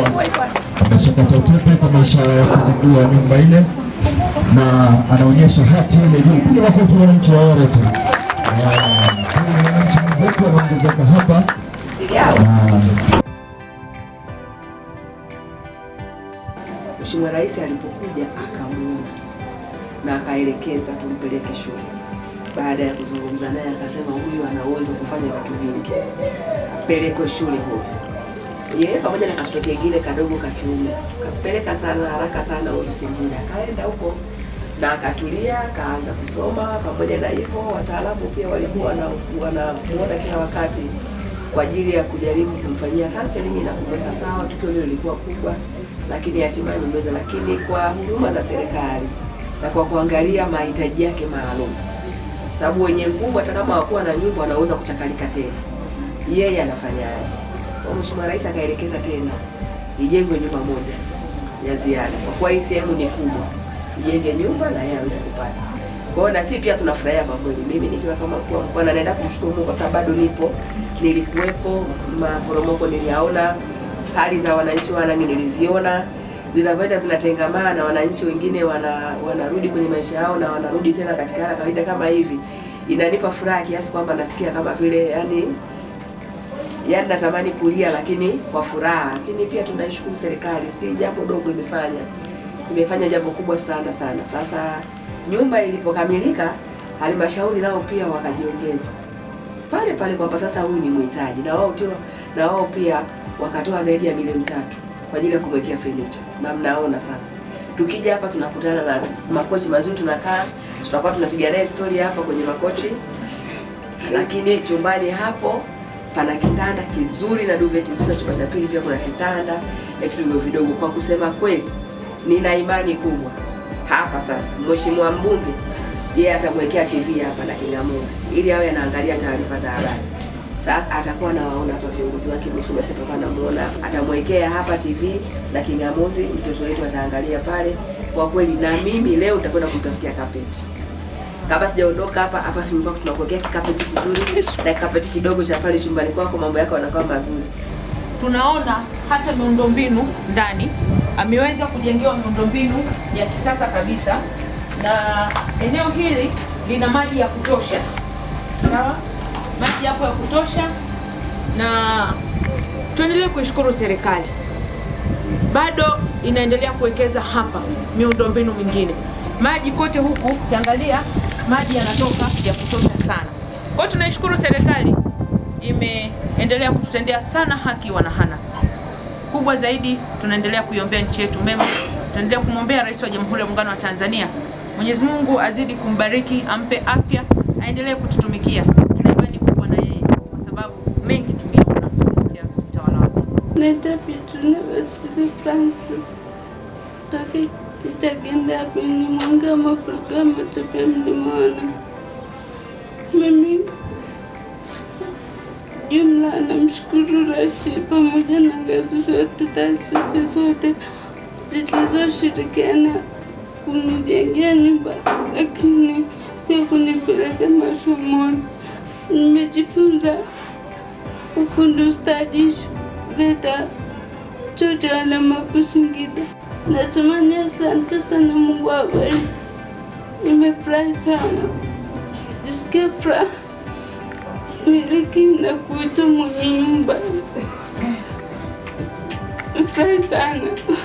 mkoa ameshakata utepe kwa ishara ya kuzindua nyumba ile, na anaonyesha hati ile juu. Piga makofi wananchi wa Orete, wananchi wenzetu wanaongezeka hapa. Mheshimiwa Rais alipokuja akamwona na akaelekeza tumpeleke shule. Baada ya kuzungumza naye akasema huyu ana uwezo kufanya vitu vingi, apelekwe shule huyu yeye pamoja na katoto kingine kadogo ka kiume kapeleka sana haraka sana huyu Singida, akaenda huko na akatulia, kaanza kusoma. Pamoja na hivyo, wataalamu pia walikuwa wanamuona kila wakati kwa ajili ya kujaribu kumfanyia counseling na kumweka sawa. Tukio hilo lilikuwa kubwa, lakini hatimaye nimeweza, lakini kwa huduma za serikali na kwa kuangalia mahitaji yake maalum, sababu wenye nguvu hata kama hawakuwa na nyumba wanaweza kuchakalika tena. Yeye anafanyaje? Mheshimiwa Rais akaelekeza tena ijengwe nyumba moja ya ziada, kwa kuwa hii sehemu ni kubwa, ijenge nyumba na yeye aweze kupata. kwao. na si pia tunafurahia kwa kweli, mimi nikiwa kama kwa kwa naenda kumshukuru Mungu kwa sababu bado nipo, nilikuwepo maporomoko, niliyaona hali za wananchi wa niliziona zinavyoenda zinatengamana na wananchi wengine wana, wanarudi kwenye maisha yao na wanarudi tena katika hali kawaida kama hivi, inanipa furaha kiasi kwamba nasikia kama vile yani yaani natamani kulia, lakini kwa furaha. Lakini pia tunaishukuru serikali, si jambo dogo imefanya, imefanya jambo kubwa sana sana. Sasa nyumba ilipokamilika, halmashauri nao pia wakajiongeza pale pale kwamba sasa huyu ni mhitaji, na wao na wao pia wakatoa zaidi ya milioni tatu kwa ajili ya kumwekea furniture, na mnaona sasa tukija hapa tunakutana na makochi mazuri, tunakaa tutakuwa tunapiga naye story hapa kwenye makochi, lakini chumbani hapo pana kitanda kizuri na duvet nzuri, chumba cha pili pia kuna kitanda na eh, vidogo vidogo. Kwa kusema kweli, nina imani kubwa hapa sasa mheshimiwa mbunge yeye yeah, atamwekea TV hapa na kingamuzi ili awe anaangalia taarifa za habari. Sasa atakuwa na waona hapa viongozi wake, mheshimiwa sasa atakuwa anamuona, atamwekea hapa TV na kingamuzi, mtoto wetu ataangalia pale. Kwa kweli na mimi leo nitakwenda kumtafutia kapeti kabla sijaondoka hapa hapa, simba mlikuwa kikapeti kizuri na kikapeti kidogo cha pale chumbani kwako, mambo yako yanakuwa mazuri. Tunaona hata miundombinu ndani ameweza kujengewa miundombinu ya kisasa kabisa, na eneo hili lina maji ya kutosha, sawa, maji yapo ya kutosha, na tuendelee kuishukuru serikali bado inaendelea kuwekeza hapa miundombinu mingine maji kote huku, ukiangalia maji yanatoka ya kutosha sana. Kwa hiyo tunaishukuru serikali imeendelea kututendea sana haki wanahana. Kubwa zaidi tunaendelea kuiombea nchi yetu mema, tunaendelea kumwombea Rais wa Jamhuri ya Muungano wa Tanzania. Mwenyezi Mungu azidi kumbariki, ampe afya, aendelee kututumikia. Tuna imani kubwa na yeye kwa sababu mengi tumeona kupitia utawala wake. Naitwa Francis hatutaki kitagenda pini mwanga mafuriko yametupia mlimani. Mimi jumla namshukuru Rais pamoja na ngazi zote, taasisi zote zilizoshirikiana kunijengea nyumba, lakini pia kunipeleka masomoni. Nimejifunza ufundi stadi VETA, chuo cha walemavu Singida. Nasemani, asante sana Mungu wa kweli, nimefurahi sana, jisikia furaha miliki na kuitwa mwenye nyumba, nimefurahi sana.